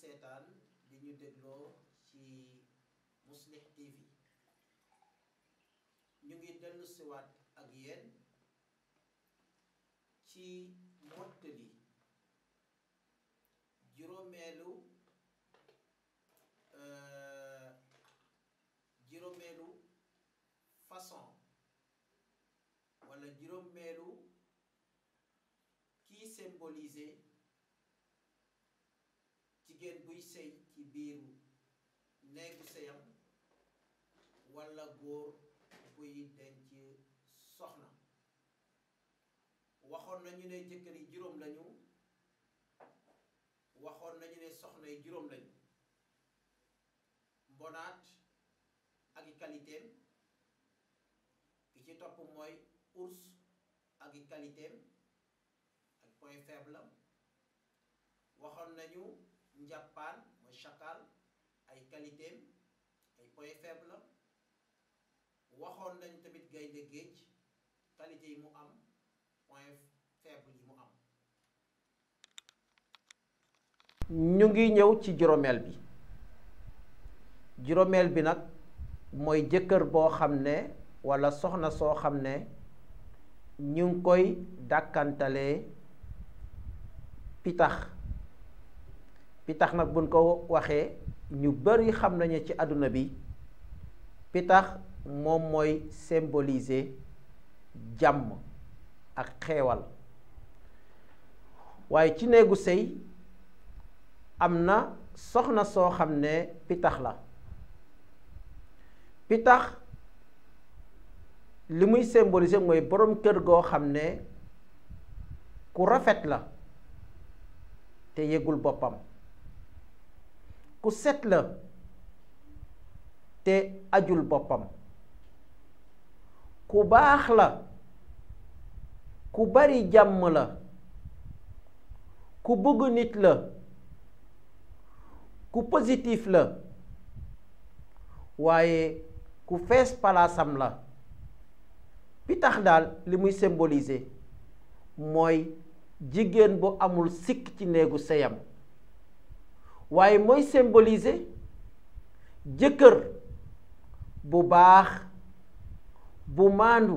seetaan di ñu dégloo ci Muslih TV ñu ngi dellu siwaat ak yéen ci mottali juróomeelu euh, juróomeelu façon wala juróomeelu kii symboliser biiru néegu sëyam walla góor buy denc soxna waxoon nañu ne jëkkër yi juróom lañu waxoon nañu ne soxna yi juróom lañu mbonaat ak i qualitéem ki ci topp mooy urs ak i qualitéem ak point faible waxoon nañu njàppaan chacal ay qualitéem ay point la waxoon nañ tamit gaynde géej qualité yi mu am point yi mu am ñu ngi ñëw ci juróomeel bi juróomeel bi nag mooy jëkkër boo xam ne walla soxna soo xam ne ñu ngi koy dàkkantalee pitax pitax nag buñ ko waxee ñu bari xam nañu ci àdduna bi pitax moom mooy symboliser jàmm ak xeewal waaye ci néegu sëy am na soxna soo xam ne pitax la pitax li muy symboliser mooy boroom kër goo xam ne ku rafet la te yëgul boppam ku set la te ajul boppam ku baax la ku bari jàmm la ku bëgg nit la ku positif la waaye ku fees palaasam la pitax daal li muy symboliser mooy jigéen bu amul sikk ci néegu seyam waaye mooy symboliser jëkkër bu baax bu maandu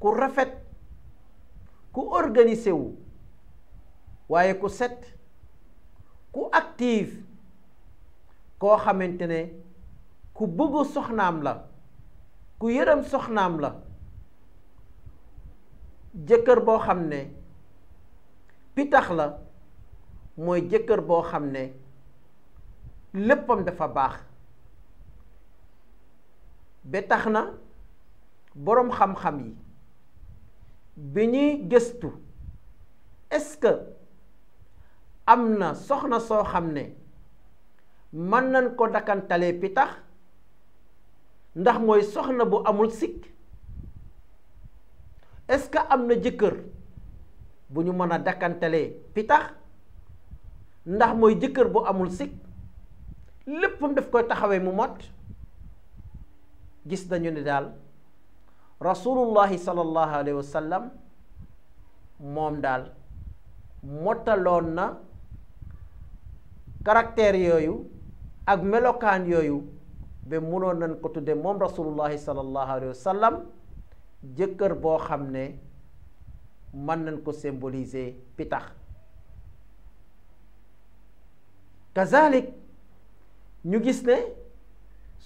ku rafet ku organisé wu waaye ku set ku active koo xamante ne ku bëggu soxnaam la ku yërëm soxnaam la jëkkër boo xam ne pitax la mooy jëkkër boo xam ne léppam dafa baax ba tax na boroom xam-xam yi bi ñuy gëstu est-ce am na soxna soo xam ne mën nañ ko dakkantalee pitax ndax mooy soxna bu amul sikk est-ce que am na jëkkër bu ñu mën a dakkantalee pitax ndax mooy jëkkër bu amul sikk léppam daf koy taxawee mu mot gis nañu ni daal rasulullahi sallallahu alayhi wa sallam moom daal mottaloon na caractère yooyu ak melokaan yooyu ba munoon nañ ko tudde moom rasulullahi sallallahu alayhi wa sallam jëkkër boo xam ne mën nañ ko symboliser pitax kazalik ñu gis ne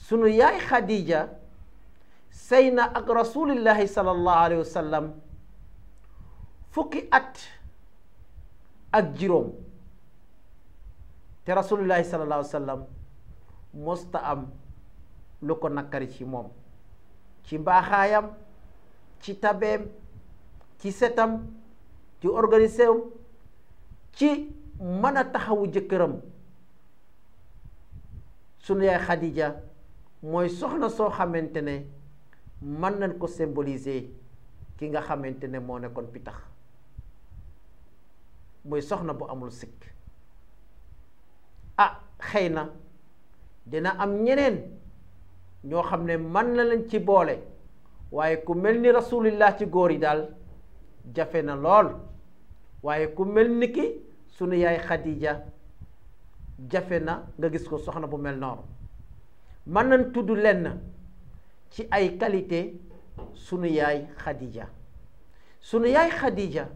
sunu yaay Khadija sëy na ak rasulillahi sallallahu alayhi wa sallam fukki at ak juróom te rasulillahi sallallahu alayhi wa sallam mosta am lu ko nakkari ci moom ci mbaaxaayam ci tabeem ci setam ci organisewam ci mën a taxawu jëkkëram sunu yaay Khadija mooy soxna soo xamante ne mën nañ ko symboliser ki nga xamante ne moo nekkoon pitax mooy soxna bu amul sikk ah xëy na dina am ñeneen ñoo xam ne mën na leen ci boole waaye ku mel ni rasulillah ci góor yi daal jafe na lool waaye ku mel ni ki sunu yaay Khadija jafe na nga gis ko soxna bu mel noonu mën nañ tudd lenn ci ay qualité sunu yaay Khadija sunu yaay Khadija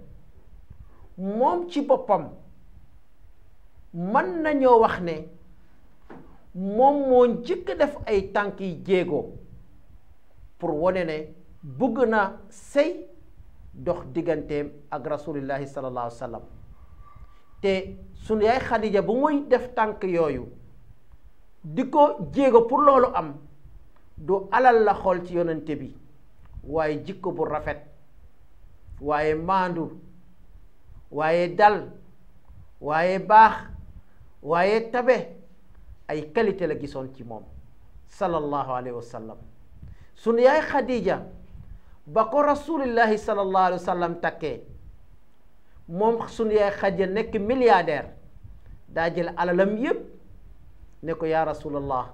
moom ci boppam mën nañoo wax ne moom moo njëkk def ay tànk yi jéego pour wone ne bëgg na sëy dox digganteem ak rasulillahi sallallahu alayhi te sunu yaay Xadija bu muy def tànk yooyu di ko jéego pour loolu am du alal la xool ci yonente bi waaye jikko bu rafet waaye maandu waaye dal waaye baax waaye tabe ay qualité la gisoon ci moom sallallahu alayhi wa sallam ba ko rasulillahi sallallahu alayhi wa takkee moom sunu yaay xadija nekk milliardaire daa jël alalam yépp ne ko yaa rasulallah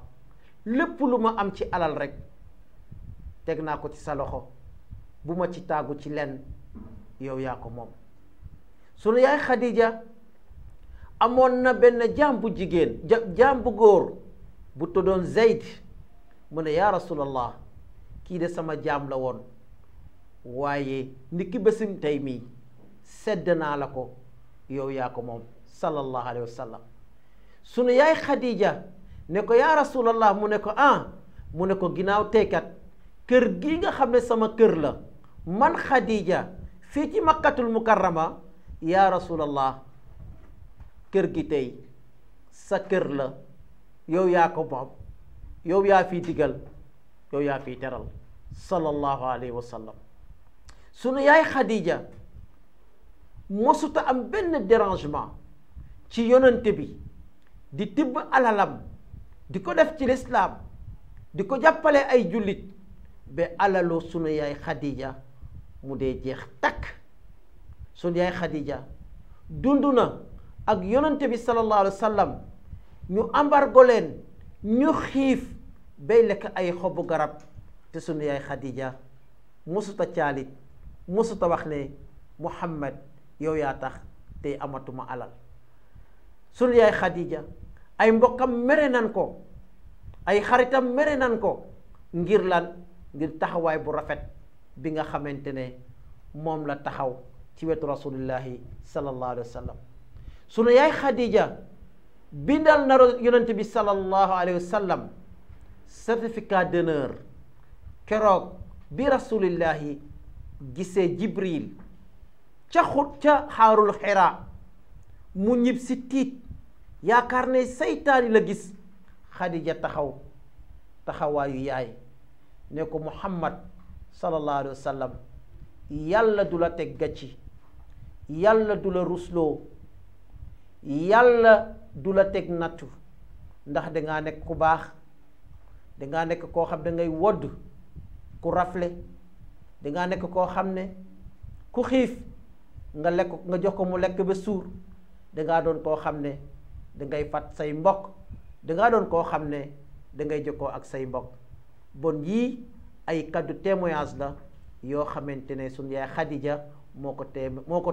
lépp lu ma am ci alal rekk teg naa ko ci sa loxo bu ma ci tàggu ci lenn yow yaa ko moom sunu yaay xadija amoon na benn jaam bu jigéen jaam bu góor bu tuddoon Zayd mu a yaa rasulallah kii de sama jaam la woon waaye niki bésim tey mii sedd naa la ko yow yaa ko moom sallallahu alayhi wa sallam sunu yaay Khadija ne ko yaa rasulallah mu ne ko ah mu ne ko ginnaaw teykat kër gi nga xam ne sama kër la man Khadija fii ci makkatul mukarrama yaa rasulallah kër gi tey sa kër la yow yaa ko moom yow yaa fiti digal yow yaa fiy teral sallallahu alayhi wa sallam sunu yaay Khadija mosuta am benn dérangement ci yonante bi di tibb alalam di ko def ci lislaam di ko jàppale ay jullit ba alaloo sunu yaay Khadija mu dee jeex takk sunu yaay Khadija dund na ak yonante bi sallallahu alayhi wa sallam ñu embargo leen ñu xiif bay lekk ay xobu garab te sunu yaay Khadija mosuta caalit mosuta wax ne Muhammad yow yaa tax tey amatuma alal sunu yaay Xadija ay mbokkam mere nan ko ay xaritam mere nan ko ngir lan ngir taxawaay bu rafet bi nga xamante ne moom la taxaw ci wetu rasulillahi sallallahu alayhi wa sallam sunu yaay bi bindal na yonent bi sallallahu alayhi wa sallam certificat d'honneur keroog bi rasulillahi gisee Jibril ca xut ca xaarul xiraa mu ñib si tiit yaakaar ne seytaani la gis xadija taxaw taxawaayu yaay ne ko muhammad sallallahu alayhi wa yàlla du la teg gàcci yàlla du la rusloo yàlla du la teg nattu ndax dangaa nekk ku baax danga nekk koo xam da ngay wodd ku rafle danga nekk koo xam ne ku xiif nga lekk nga jox ko mu lekk ba suur dangaa doon koo xam ne dangay fat say mbokk dangaa doon koo xam ne dangay ko ak say mbokk bon yii ay kàddu témoignage la yoo xamante ne suñ yaay Xadija moo ko tee moo ko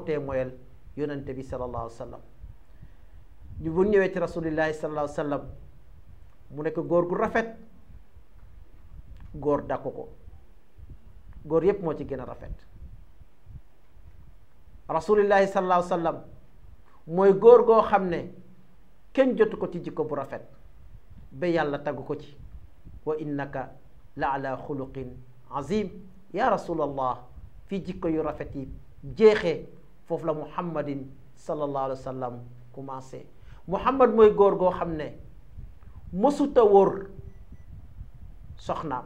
yonante bi sallallahu alayhi wa sallam bu ñëwee ci rasulillahi sallallahu alayhi wa sallam mu nekk góor gu rafet góor dakku ko góor yépp moo ci gën a rafet rasulillahi sallallahu sallam mooy góor goo xam ne kenn jotu ko ci jikko bu rafet ba yàlla tagg ko ci wa innaka la ala xuluqin azim ya rasulallah fii jikko yu rafet yi jeexee foofu la muhammadin sallallahu alayhi wa sallam commencé muhammad mooy góor goo xam ne mësuta wóor soxnaam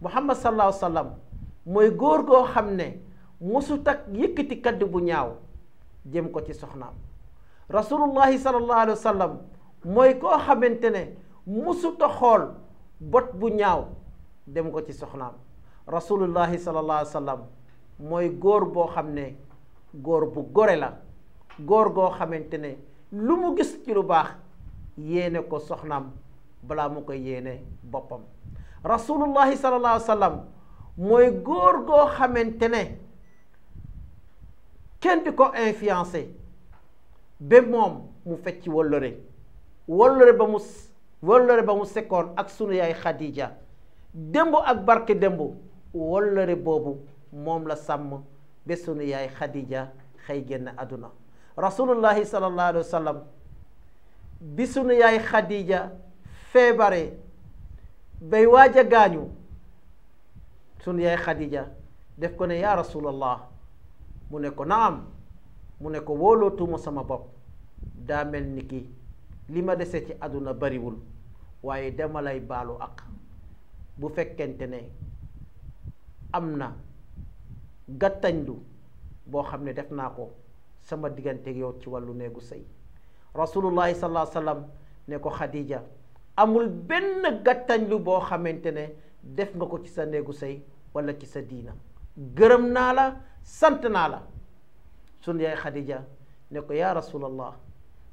muhammad sallallahu alayhi wa sallam mooy góor goo xam ne musu tak yëkkati bu ñaaw jëm ko ci soxnaam rasulullahi sallallahu alayhi sallam mooy koo xamante ne musuta xool bot bu ñaaw dem ko ci soxnaam rasulullahi sallallahu alayhi sallam mooy góor boo xam ne góor bu gore la góor goo xamante ne lu mu gis ci lu baax yéene ko soxnaam balaa mu ko yéene boppam rasulullahi sallallahu alayhi wa mooy góor goo xamante ne kenn di ko influencé ba moom mu fecc wallore wallore ba mu wallore ba mu sekkoon ak sunu yaay Khadija démb ak barke démb wallore boobu moom la sàmm ba sunu yaay Khadija xëy génn àdduna rasulullahi sallallahu alayhi bi sunu yaay Khadija feebare bay waaj a gaañu sunu yaay Khadija def ko ne yaa rasulallah mu ne ko naam mu ne ko wóolootuma sama bopp daa mel ni ki li ma desee ci àdduna bariwul waaye dama lay baalu ak bu fekkente ne am na gàttañlu boo xam ne def naa ko sama diggante yow ci wàllu néegu sëy rasulullahi sallallahu alayhi ne ko Khadija amul benn gàttañlu boo xamante ne def nga ko ci sa néegu sëy walla ci sa diina gërëm naa la sant naa la sun yaay Khadija ne ko yaa rasulallah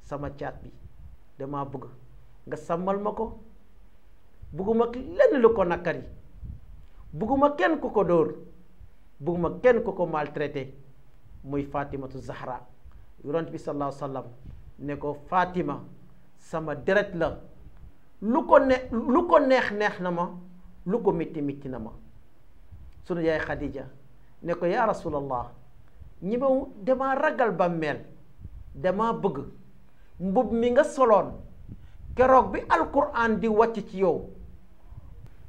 sama caat bi dama bëgg nga sàmmal ma ko bëgguma lenn lu ko nakkari bëgguma kenn ku ko door dóor ma kenn ku ko maltraité muy Fatimatu Zahra yonent bi sallallahu alayhi ne ko Fatima sama deret la lu ko neex neex na ma lu ko mitti mitti na ma sunu yaay Khadija ne ko yaa rasulallah ñi ma damaa ragal bàmmeel dama bëgg mbubb mi nga soloon keroog bi alquran di wàcc ci yow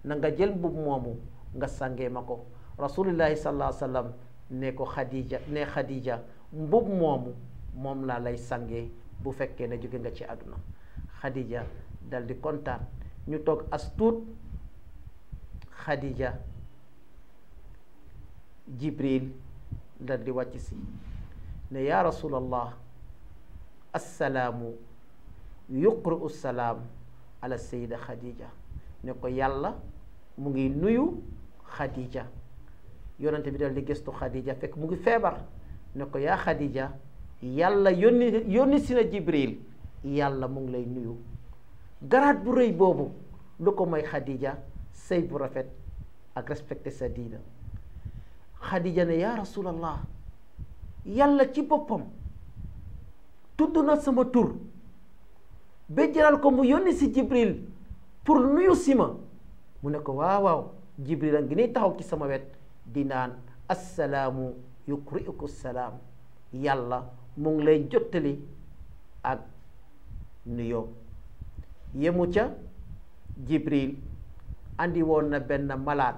na nga jël mbub moomu nga sàngee ma ko rasulillahi sallallahu alayhi wa ne ko xadija ne xadija mbub moomu moom laa lay sange bu fekkee ne jóge nga ci àdduna xadija daldi kontaan ñu toog as tuut xadija jibril dal di wàcc si ne yaa rasulallah assalaamu yuqri'u salaam ala sayida xadija ne ko yàlla mu ngi nuyu xadija yonante bi dal di gëstu xadija fekk mu ngi feebar ne ko yaa xadija yàlla yónni yónni si na jibril yàlla mu ngi lay nuyu garaat bu rëy boobu lu ko may xadija sëy bu rafet ak respecté sa diina xadija ne yaa rasulallah yàlla ci boppam tudd na sama tur ba jëral ko mu yónni si jibril pour nuyu sima mu ne ko waaw waaw jibril a ngi ni taxaw ci sama wet di naan assalaamu yukriku salaam yàlla mu ngi lay jottali ak nuyoo yemu ca jibril andi woon na benn malaat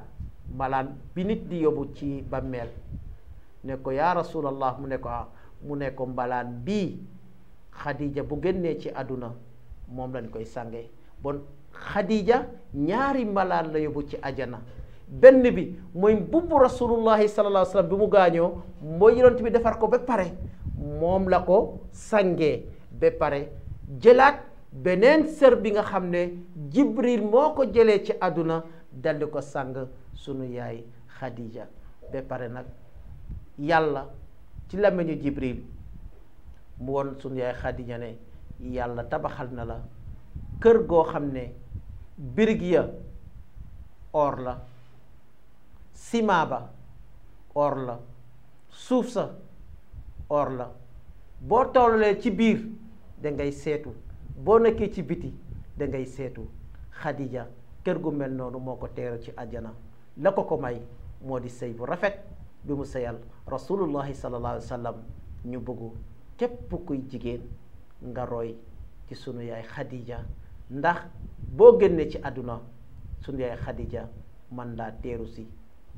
malaan bi nit di yóbbu ci bàmmeel ne ko yaa rasulallah mu ne ko ah, mu ne ko mbalaan bii xadija bu génnee ci àdduna moom lañ koy sange bon xadija ñaari mbalaan la yóbbu ci ajana benn bi mooy mbubbu rasulullahi sallallahu alayhi bi mu gaañoo mooy yonent bi defar ko ba pare moom la ko sange ba pare jëlaat beneen sër bi nga xam ne jibril moo ko jëlee ci àdduna daldi ko sàng sunu yaay Khadija ba pare nag yàlla ci làmmiñu Jibril mu woon sunu yaay Khadija ne yàlla tabaxal na la kër goo xam ne birig ya or la ciment ba or la suuf sa or la boo tollee ci biir da seetu boo nekkee ci biti da ngay seetu Khadija kër gu mel noonu moo ko teeru ci àjjana la ko ko may moo di sëy bu rafet bi mu sëyal rasulullahi sallallahu alayhi wa sallam ñu bëggu képp kuy jigéen nga roy ci sunu yaay Khadija ndax boo génnee ci àdduna sunu yaay Khadija man daa teeru si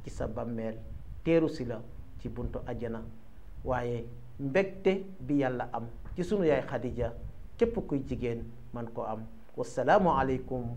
ci sa bàmmeel teeru si la ci buntu àjjana waaye mbégte bi yàlla am ci sunu yaay Khadija képp kuy jigéen man ko am wasalaamu aleykum